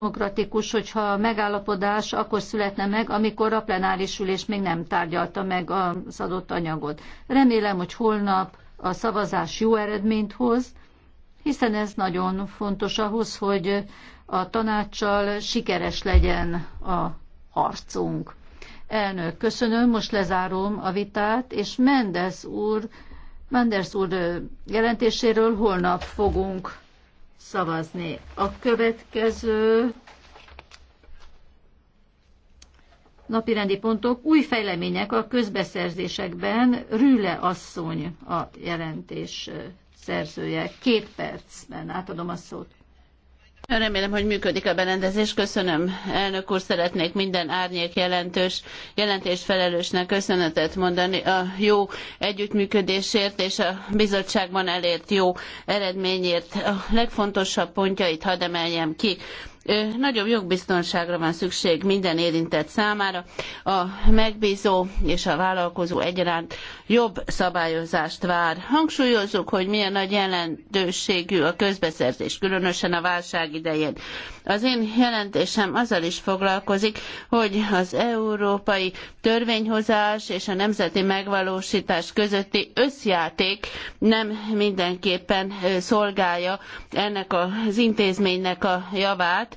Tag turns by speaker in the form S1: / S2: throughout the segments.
S1: demokratikus, hogyha a megállapodás akkor születne meg, amikor a plenáris ülés még nem tárgyalta meg az adott anyagot. Remélem, hogy holnap a szavazás jó eredményt hoz, hiszen ez nagyon fontos ahhoz, hogy a tanácssal sikeres legyen a harcunk. Elnök, köszönöm, most lezárom a vitát, és Mendes úr, Mendes úr jelentéséről holnap fogunk szavazni. A következő napirendi pontok, új fejlemények a közbeszerzésekben, Rüle asszony a jelentés szerzője. Két percben átadom a szót.
S2: Remélem, hogy működik a berendezés. Köszönöm. Elnök úr, szeretnék minden árnyék jelentős, jelentés felelősnek köszönetet mondani a jó együttműködésért és a bizottságban elért jó eredményért. A legfontosabb pontjait hadd emeljem ki. Nagyobb jogbiztonságra van szükség minden érintett számára. A megbízó és a vállalkozó egyaránt jobb szabályozást vár. Hangsúlyozzuk, hogy milyen nagy jelentőségű a közbeszerzés, különösen a válság idején. Az én jelentésem azzal is foglalkozik, hogy az európai törvényhozás és a nemzeti megvalósítás közötti összjáték nem mindenképpen szolgálja ennek az intézménynek a javát,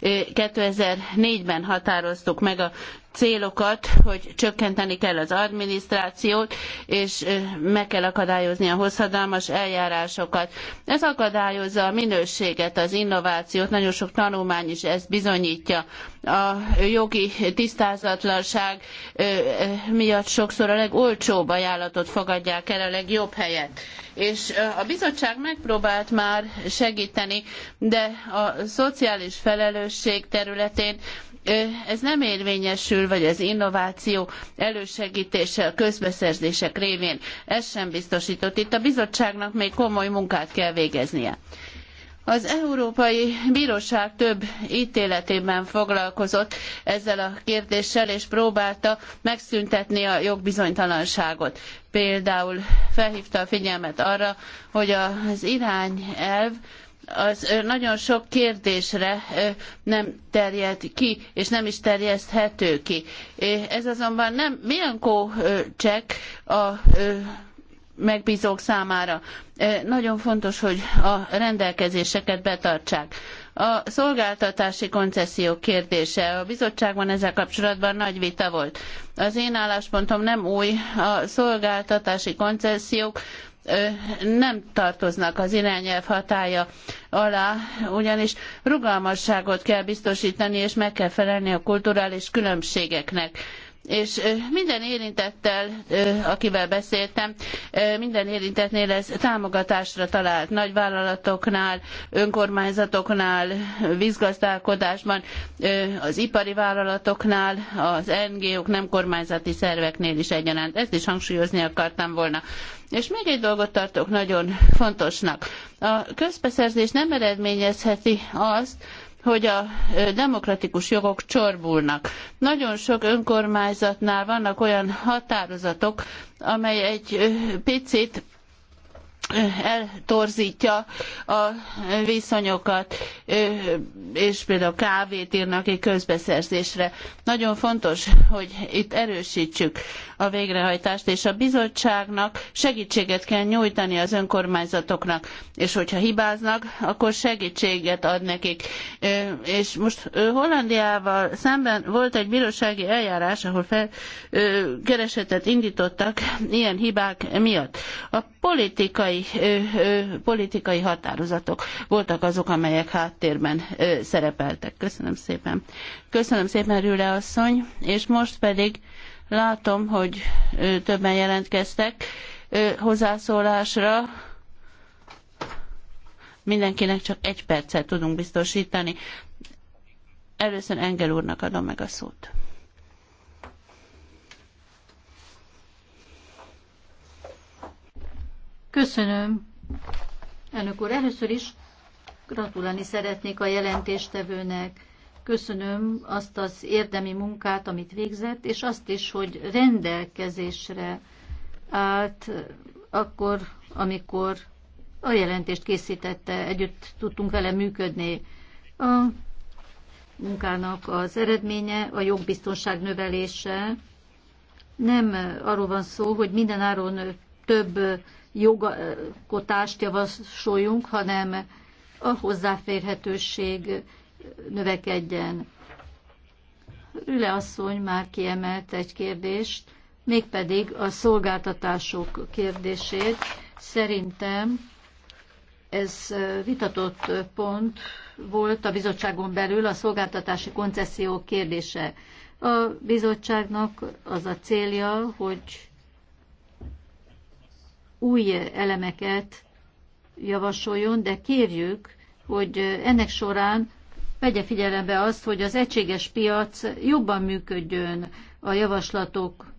S2: 2004-ben határoztuk meg a célokat, hogy csökkenteni kell az adminisztrációt, és meg kell akadályozni a hosszadalmas eljárásokat. Ez akadályozza a minőséget, az innovációt, nagyon sok tanulmány is ezt bizonyítja. A jogi tisztázatlanság miatt sokszor a legolcsóbb ajánlatot fogadják el a legjobb helyet. És a bizottság megpróbált már segíteni, de a szociális felelősség felelősség területén ez nem érvényesül, vagy az innováció elősegítése a közbeszerzések révén, ez sem biztosított. Itt a bizottságnak még komoly munkát kell végeznie. Az Európai Bíróság több ítéletében foglalkozott ezzel a kérdéssel, és próbálta megszüntetni a jogbizonytalanságot. Például felhívta a figyelmet arra, hogy az irányelv az nagyon sok kérdésre nem terjed ki, és nem is terjeszthető ki. Ez azonban nem Bianco csek a megbízók számára. Nagyon fontos, hogy a rendelkezéseket betartsák. A szolgáltatási koncesszió kérdése. A bizottságban ezzel kapcsolatban nagy vita volt. Az én álláspontom nem új. A szolgáltatási koncesziók nem tartoznak az irányelv hatálya alá, ugyanis rugalmasságot kell biztosítani, és meg kell felelni a kulturális különbségeknek és minden érintettel, akivel beszéltem, minden érintetnél ez támogatásra talált nagyvállalatoknál, önkormányzatoknál, vízgazdálkodásban, az ipari vállalatoknál, az NGO-k, nem kormányzati szerveknél is egyaránt. Ezt is hangsúlyozni akartam volna. És még egy dolgot tartok nagyon fontosnak. A közbeszerzés nem eredményezheti azt, hogy a demokratikus jogok csorbulnak. Nagyon sok önkormányzatnál vannak olyan határozatok, amely egy picit eltorzítja a viszonyokat, és például kávét írnak ki közbeszerzésre. Nagyon fontos, hogy itt erősítsük a végrehajtást, és a bizottságnak segítséget kell nyújtani az önkormányzatoknak, és hogyha hibáznak, akkor segítséget ad nekik. És most Hollandiával szemben volt egy bírósági eljárás, ahol keresetet indítottak ilyen hibák miatt. A politikai politikai, politikai határozatok voltak azok, amelyek háttérben szerepeltek. Köszönöm szépen. Köszönöm szépen, Rüle asszony, és most pedig látom, hogy többen jelentkeztek hozzászólásra. Mindenkinek csak egy percet tudunk biztosítani. Először Engel úrnak adom meg a szót. Köszönöm.
S1: Elnök úr, először is gratulálni szeretnék a jelentéstevőnek. Köszönöm azt az érdemi munkát, amit végzett, és azt is, hogy rendelkezésre állt akkor, amikor a jelentést készítette, együtt tudtunk vele működni. A munkának az eredménye a jogbiztonság növelése. Nem arról van szó, hogy minden áron több jogkotást javasoljunk, hanem a hozzáférhetőség növekedjen. Rüle asszony már kiemelt egy kérdést, mégpedig a szolgáltatások kérdését. Szerintem ez vitatott pont volt a bizottságon belül a szolgáltatási koncesziók kérdése. A bizottságnak az a célja, hogy új elemeket javasoljon, de kérjük, hogy ennek során vegye figyelembe azt, hogy az egységes piac jobban működjön a javaslatok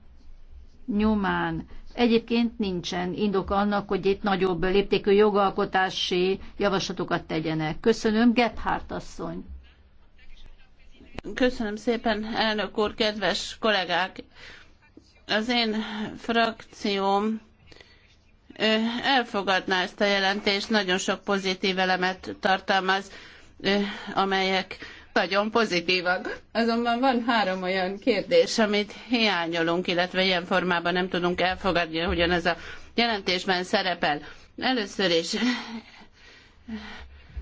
S1: nyomán. Egyébként nincsen indok annak, hogy itt nagyobb léptékű jogalkotási javaslatokat tegyenek. Köszönöm, Gebhardt asszony.
S2: Köszönöm szépen, elnök úr, kedves kollégák! Az én frakcióm elfogadná ezt a jelentést, nagyon sok pozitív elemet tartalmaz, amelyek nagyon pozitívak. Azonban van három olyan kérdés, amit hiányolunk, illetve ilyen formában nem tudunk elfogadni, ahogyan ez a jelentésben szerepel. Először is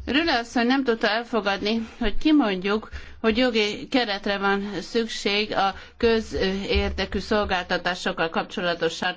S2: Rüle asszony nem tudta elfogadni, hogy kimondjuk, hogy jogi keretre van szükség a közérdekű szolgáltatásokkal kapcsolatosan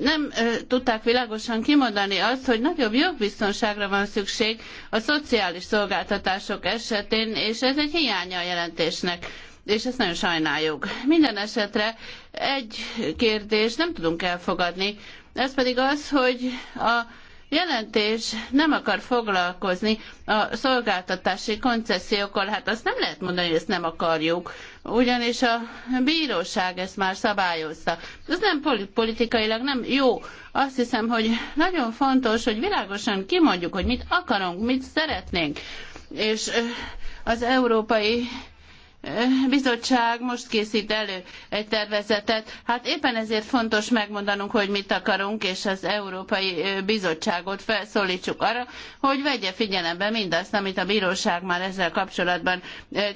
S2: nem tudták világosan kimondani azt, hogy nagyobb jogbiztonságra van szükség a szociális szolgáltatások esetén, és ez egy hiánya a jelentésnek és ezt nagyon sajnáljuk. Minden esetre egy kérdés nem tudunk elfogadni, ez pedig az, hogy a jelentés nem akar foglalkozni a szolgáltatási koncesziókkal, hát azt nem lehet mondani, hogy ezt nem akarjuk, ugyanis a bíróság ezt már szabályozta. Ez nem politikailag nem jó. Azt hiszem, hogy nagyon fontos, hogy világosan kimondjuk, hogy mit akarunk, mit szeretnénk. És az európai bizottság most készít elő egy tervezetet. Hát éppen ezért fontos megmondanunk, hogy mit akarunk, és az Európai Bizottságot felszólítsuk arra, hogy vegye figyelembe mindazt, amit a bíróság már ezzel kapcsolatban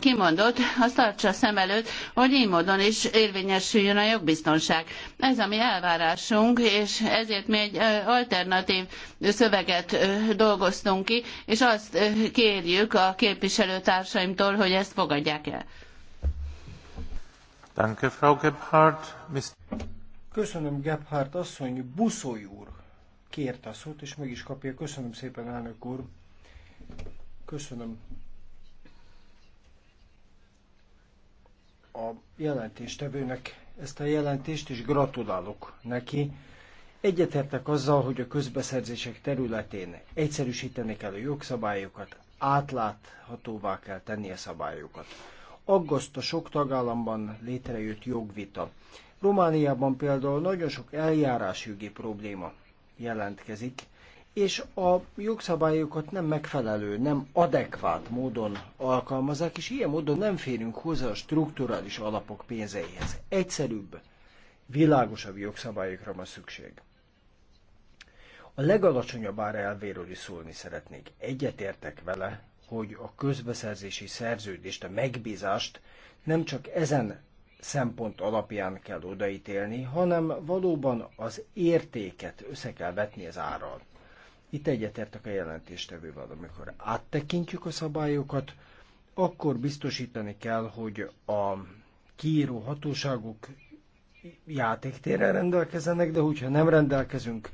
S2: kimondott, azt tartsa szem előtt, hogy így módon is érvényesüljön a jogbiztonság. Ez a mi elvárásunk, és ezért mi egy alternatív szöveget dolgoztunk ki, és azt kérjük a képviselőtársaimtól, hogy ezt fogadják el. Danke, Frau Gebhardt.
S3: Köszönöm, Gebhardt asszony. Buszoly úr kérte a szót, és meg is kapja. Köszönöm szépen, elnök úr. Köszönöm. A jelentéstevőnek ezt a jelentést, és gratulálok neki. Egyetértek azzal, hogy a közbeszerzések területén egyszerűsíteni kell a jogszabályokat, átláthatóvá kell tenni a szabályokat aggaszt a sok tagállamban létrejött jogvita. Romániában például nagyon sok eljárásjogi probléma jelentkezik, és a jogszabályokat nem megfelelő, nem adekvát módon alkalmazzák, és ilyen módon nem férünk hozzá a strukturális alapok pénzeihez. Egyszerűbb, világosabb jogszabályokra van szükség. A legalacsonyabb ár elvéről is szólni szeretnék. Egyetértek vele, hogy a közbeszerzési szerződést, a megbízást nem csak ezen szempont alapján kell odaítélni, hanem valóban az értéket össze kell vetni az árral. Itt egyetértek a jelentéstevővel, amikor áttekintjük a szabályokat, akkor biztosítani kell, hogy a kiíró hatóságok játéktérrel rendelkezenek, de hogyha nem rendelkezünk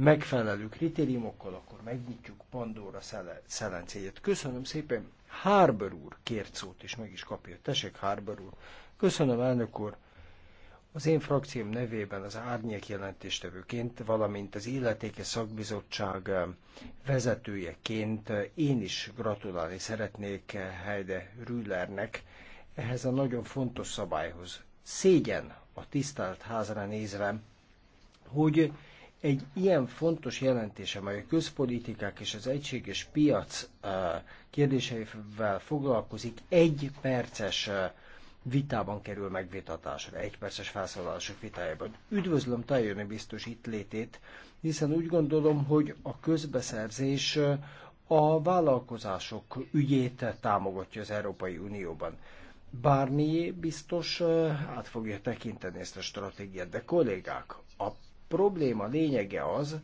S3: megfelelő kritériumokkal, akkor megnyitjuk Pandora szelencéjét. Köszönöm szépen. Harbour úr kért szót, és meg is kapja. Tessék, Harbour úr. Köszönöm, elnök úr. Az én frakcióm nevében az árnyék jelentéstevőként, valamint az illetékes szakbizottság eh, vezetőjeként eh, én is gratulálni szeretnék eh, Heide rüllernek ehhez a nagyon fontos szabályhoz. Szégyen a tisztelt házra nézve, hogy egy ilyen fontos jelentés, amely a közpolitikák és az egységes piac eh, kérdéseivel foglalkozik, egy perces eh, vitában kerül megvitatásra, egy perces felszólalások vitájában. Üdvözlöm Tajoni biztos itt létét, hiszen úgy gondolom, hogy a közbeszerzés eh, a vállalkozások ügyét támogatja az Európai Unióban. Bármi biztos át fogja tekinteni ezt a stratégiát, de kollégák, a probléma lényege az,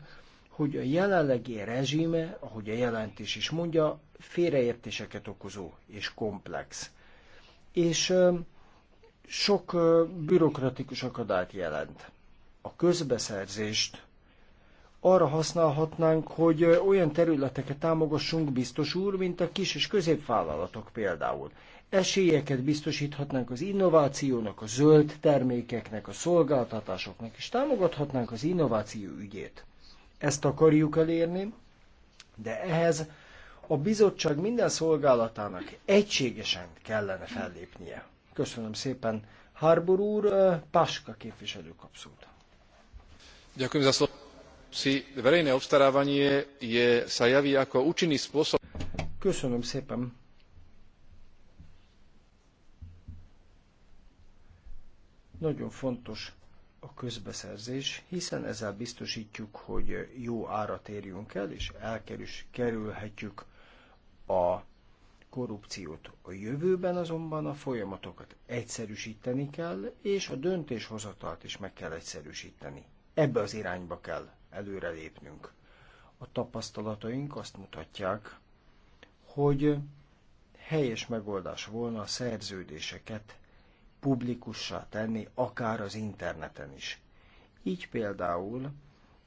S3: hogy a jelenlegi rezsime, ahogy a jelentés is mondja, félreértéseket okozó és komplex. És sok bürokratikus akadályt jelent. A közbeszerzést arra használhatnánk, hogy olyan területeket támogassunk, biztos úr, mint a kis és középvállalatok például. Esélyeket biztosíthatnánk az innovációnak, a zöld termékeknek, a szolgáltatásoknak, és támogathatnánk az innováció ügyét. Ezt akarjuk elérni, de ehhez a bizottság minden szolgálatának egységesen kellene fellépnie. Köszönöm szépen. Harbor úr, Páska képviselő kapszult. Gyakorlatilag si verejné obstarávanie sa javí ako účinný spôsob Köszönöm szépen. Nagyon fontos a közbeszerzés, hiszen ezzel biztosítjuk, hogy jó árat érjünk el, és elkerülhetjük a korrupciót. A jövőben azonban a folyamatokat egyszerűsíteni kell, és a döntéshozatalt is meg kell egyszerűsíteni. Ebbe az irányba kell előrelépnünk. A tapasztalataink azt mutatják, hogy helyes megoldás volna a szerződéseket publikussá tenni, akár az interneten is. Így például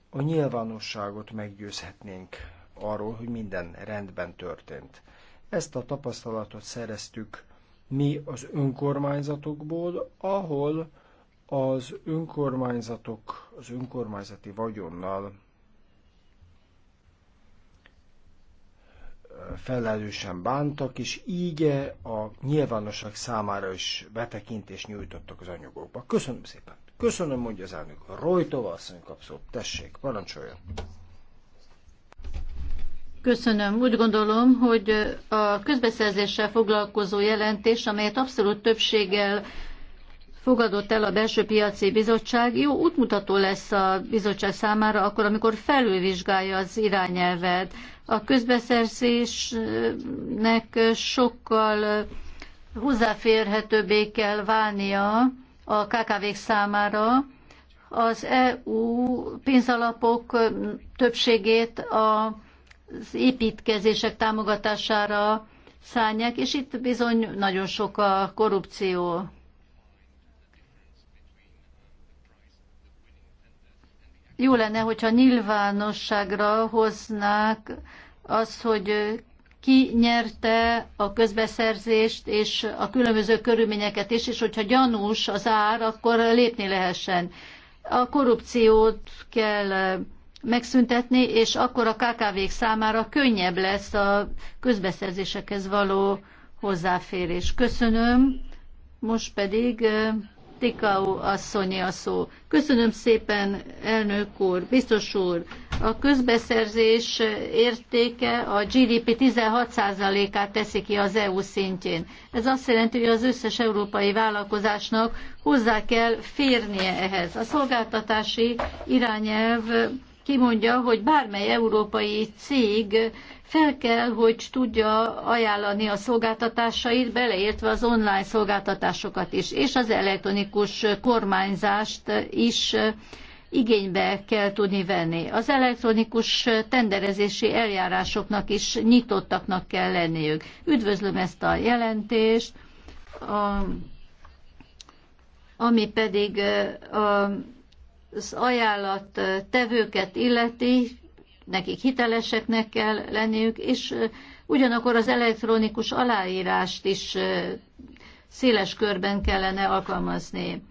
S3: a nyilvánosságot meggyőzhetnénk arról, hogy minden rendben történt. Ezt a tapasztalatot szereztük mi az önkormányzatokból, ahol az önkormányzatok az önkormányzati vagyonnal felelősen bántak, és így a nyilvánosság számára is betekintést nyújtottak az anyagokba. Köszönöm szépen. Köszönöm, mondja az elnök. Rojtova asszony kapszott. Tessék, parancsoljon.
S1: Köszönöm. Úgy gondolom, hogy a közbeszerzéssel foglalkozó jelentés, amelyet abszolút többséggel fogadott el a Belső Piaci Bizottság, jó útmutató lesz a bizottság számára akkor, amikor felülvizsgálja az irányelvet. A közbeszerzésnek sokkal hozzáférhetőbbé kell válnia a KKV-k számára. Az EU pénzalapok többségét az építkezések támogatására szállják, és itt bizony nagyon sok a korrupció. jó lenne, hogyha nyilvánosságra hoznák az, hogy ki nyerte a közbeszerzést és a különböző körülményeket is, és hogyha gyanús az ár, akkor lépni lehessen. A korrupciót kell megszüntetni, és akkor a KKV-k számára könnyebb lesz a közbeszerzésekhez való hozzáférés. Köszönöm. Most pedig Tikau asszonyi a szó. Köszönöm szépen, elnök úr, biztos úr. A közbeszerzés értéke a GDP 16%-át teszi ki az EU szintjén. Ez azt jelenti, hogy az összes európai vállalkozásnak hozzá kell férnie ehhez. A szolgáltatási irányelv kimondja, hogy bármely európai cég fel kell, hogy tudja ajánlani a szolgáltatásait, beleértve az online szolgáltatásokat is, és az elektronikus kormányzást is igénybe kell tudni venni. Az elektronikus tenderezési eljárásoknak is nyitottaknak kell lenniük. Üdvözlöm ezt a jelentést, a, ami pedig a az ajánlat tevőket illeti, nekik hiteleseknek kell lenniük, és ugyanakkor az elektronikus aláírást is széles körben kellene alkalmazni.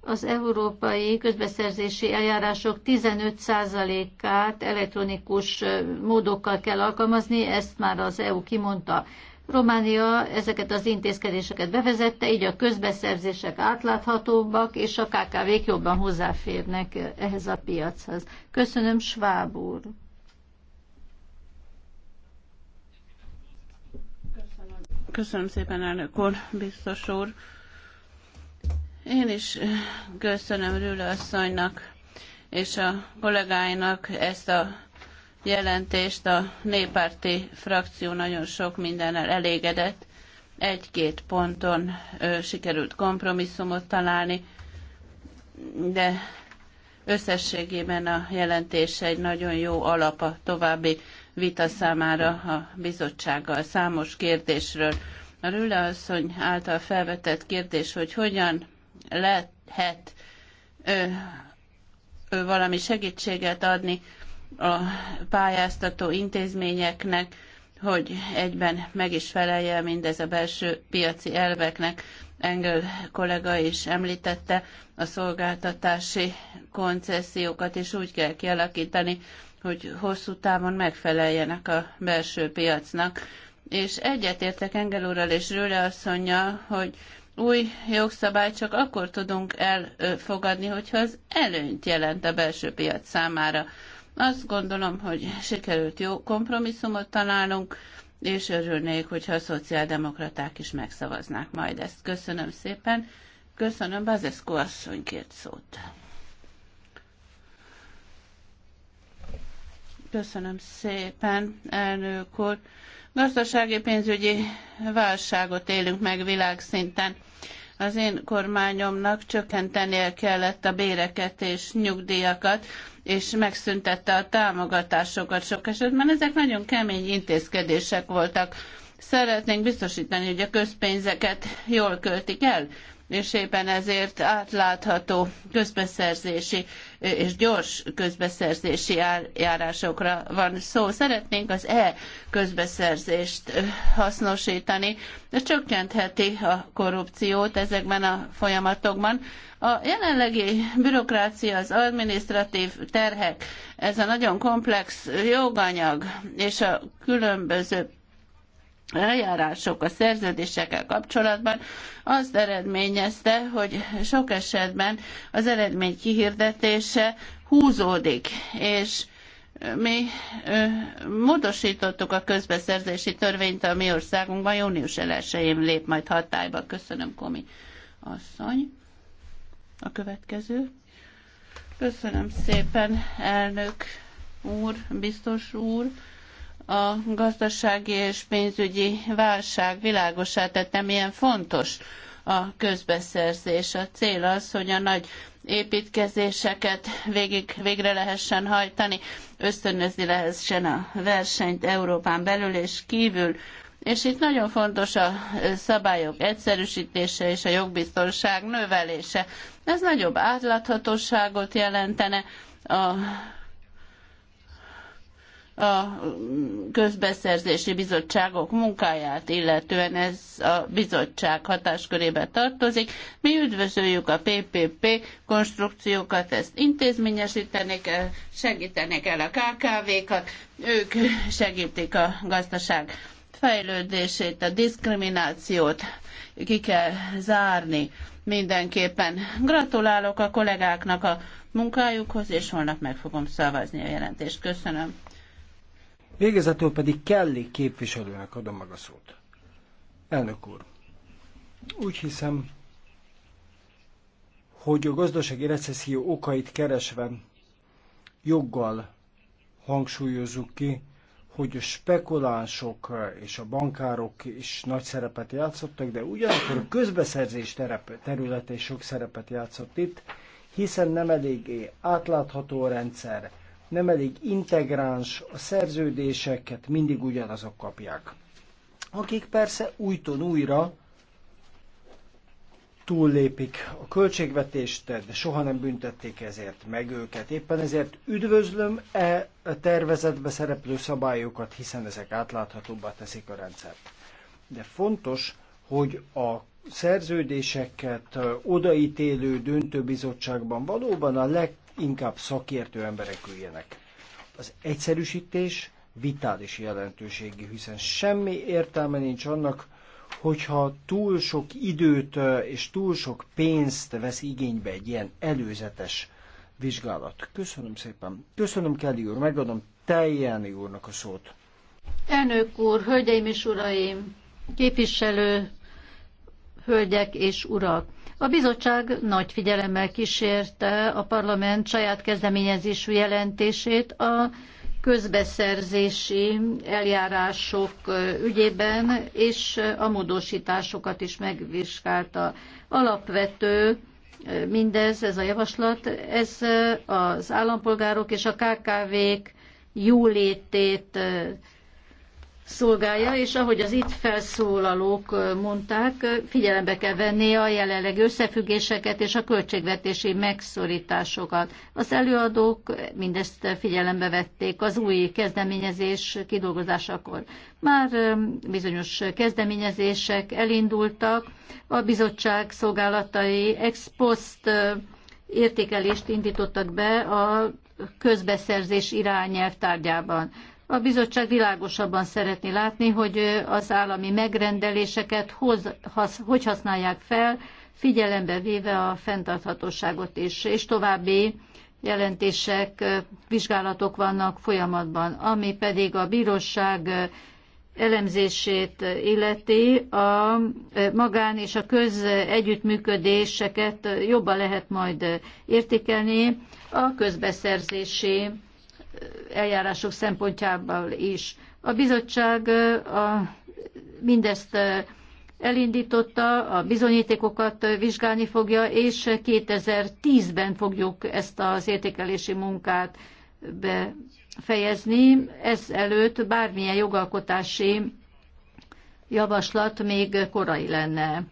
S1: Az európai közbeszerzési eljárások 15%-át elektronikus módokkal kell alkalmazni, ezt már az EU kimondta. Románia ezeket az intézkedéseket bevezette, így a közbeszerzések átláthatóbbak, és a KKV-k jobban hozzáférnek ehhez a piachoz. Köszönöm, Schwab úr.
S2: Köszönöm, szépen, elnök úr, biztos úr. Én is köszönöm Rülő asszonynak és a kollégáinak ezt a jelentést. A néppárti frakció nagyon sok mindennel elégedett. Egy-két ponton ö, sikerült kompromisszumot találni, de összességében a jelentés egy nagyon jó alap a további vita számára a bizottsággal számos kérdésről. A Rüle asszony által felvetett kérdés, hogy hogyan lehet valami segítséget adni a pályáztató intézményeknek, hogy egyben meg is felelje mindez a belső piaci elveknek. Engel kollega is említette, a szolgáltatási koncesziókat is úgy kell kialakítani, hogy hosszú távon megfeleljenek a belső piacnak. És egyetértek Engel úrral és Rőle asszonya, hogy új jogszabályt csak akkor tudunk elfogadni, hogyha az előnyt jelent a belső piac számára azt gondolom, hogy sikerült jó kompromisszumot találnunk, és örülnék, hogyha a szociáldemokraták is megszavaznák majd ezt. Köszönöm szépen. Köszönöm, Bazeszko asszony két szót. Köszönöm szépen, elnök úr. Gazdasági pénzügyi válságot élünk meg világszinten. Az én kormányomnak csökkentenie kellett a béreket és nyugdíjakat, és megszüntette a támogatásokat sok esetben. Ezek nagyon kemény intézkedések voltak. Szeretnénk biztosítani, hogy a közpénzeket jól költik el, és éppen ezért átlátható közbeszerzési és gyors közbeszerzési járásokra van szó. Szeretnénk az e-közbeszerzést hasznosítani, de csökkentheti a korrupciót ezekben a folyamatokban. A jelenlegi bürokrácia, az administratív terhek, ez a nagyon komplex joganyag és a különböző eljárások a szerződésekkel kapcsolatban azt eredményezte, hogy sok esetben az eredmény kihirdetése húzódik, és mi ö, módosítottuk a közbeszerzési törvényt a mi országunkban, június 1-én lép majd hatályba. Köszönöm, Komi asszony. A következő. Köszönöm szépen, elnök úr, biztos úr a gazdasági és pénzügyi válság világosá tette, milyen fontos a közbeszerzés. A cél az, hogy a nagy építkezéseket végig, végre lehessen hajtani, ösztönözni lehessen a versenyt Európán belül és kívül. És itt nagyon fontos a szabályok egyszerűsítése és a jogbiztonság növelése. Ez nagyobb átláthatóságot jelentene a a közbeszerzési bizottságok munkáját illetően ez a bizottság hatáskörébe tartozik. Mi üdvözöljük a PPP konstrukciókat, ezt intézményesíteni kell, segíteni kell a KKV-kat, ők segítik a gazdaság fejlődését, a diszkriminációt ki kell zárni mindenképpen. Gratulálok a kollégáknak a munkájukhoz, és holnap meg fogom szavazni a jelentést. Köszönöm.
S3: Végezetül pedig Kelly képviselőnek adom meg a szót. Elnök úr, úgy hiszem, hogy a gazdasági recesszió okait keresve joggal hangsúlyozzuk ki, hogy a spekulánsok és a bankárok is nagy szerepet játszottak, de ugyanakkor a közbeszerzés területe is sok szerepet játszott itt, hiszen nem eléggé átlátható a rendszer, nem elég integráns, a szerződéseket mindig ugyanazok kapják. Akik persze újton újra túllépik a költségvetést, de soha nem büntették ezért meg őket. Éppen ezért üdvözlöm e a tervezetbe szereplő szabályokat, hiszen ezek átláthatóbbá teszik a rendszert. De fontos, hogy a szerződéseket odaítélő döntőbizottságban valóban a leg inkább szakértő emberek üljenek. Az egyszerűsítés vitális jelentőségi hiszen semmi értelme nincs annak, hogyha túl sok időt és túl sok pénzt vesz igénybe egy ilyen előzetes vizsgálat. Köszönöm szépen. Köszönöm, Kelly úr, megadom Teljáni úrnak a szót.
S1: Elnök úr, hölgyeim és uraim, képviselő, hölgyek és urak! A bizottság nagy figyelemmel kísérte a parlament saját kezdeményezésű jelentését a közbeszerzési eljárások ügyében, és a módosításokat is megvizsgálta. Alapvető mindez, ez a javaslat, ez az állampolgárok és a KKV-k jólétét szolgálja, és ahogy az itt felszólalók mondták, figyelembe kell venni a jelenlegi összefüggéseket és a költségvetési megszorításokat. Az előadók mindezt figyelembe vették az új kezdeményezés kidolgozásakor. Már bizonyos kezdeményezések elindultak, a bizottság szolgálatai ex post értékelést indítottak be a közbeszerzés irányelv tárgyában. A bizottság világosabban szeretné látni, hogy az állami megrendeléseket hoz, has, hogy használják fel, figyelembe véve a fenntarthatóságot is, és további jelentések, vizsgálatok vannak folyamatban, ami pedig a bíróság elemzését illeti, a magán és a köz együttműködéseket jobban lehet majd értékelni a közbeszerzési eljárások szempontjából is. A bizottság a, mindezt elindította, a bizonyítékokat vizsgálni fogja, és 2010-ben fogjuk ezt az értékelési munkát befejezni. Ez előtt bármilyen jogalkotási javaslat még korai lenne.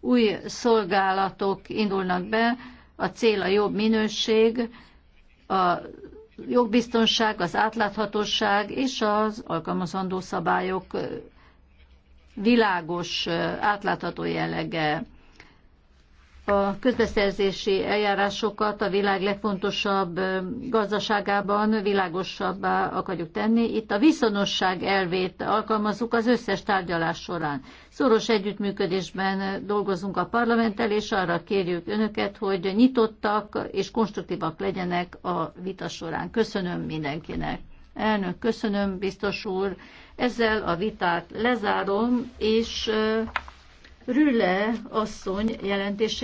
S1: Új szolgálatok indulnak be, a cél a jobb minőség, a jogbiztonság, az átláthatóság és az alkalmazandó szabályok világos, átlátható jellege a közbeszerzési eljárásokat a világ legfontosabb gazdaságában világosabbá akarjuk tenni. Itt a viszonosság elvét alkalmazzuk az összes tárgyalás során. Szoros együttműködésben dolgozunk a parlamenttel, és arra kérjük önöket, hogy nyitottak és konstruktívak legyenek a vita során. Köszönöm mindenkinek. Elnök, köszönöm, biztos úr. Ezzel a vitát lezárom, és Rüle asszony jelentése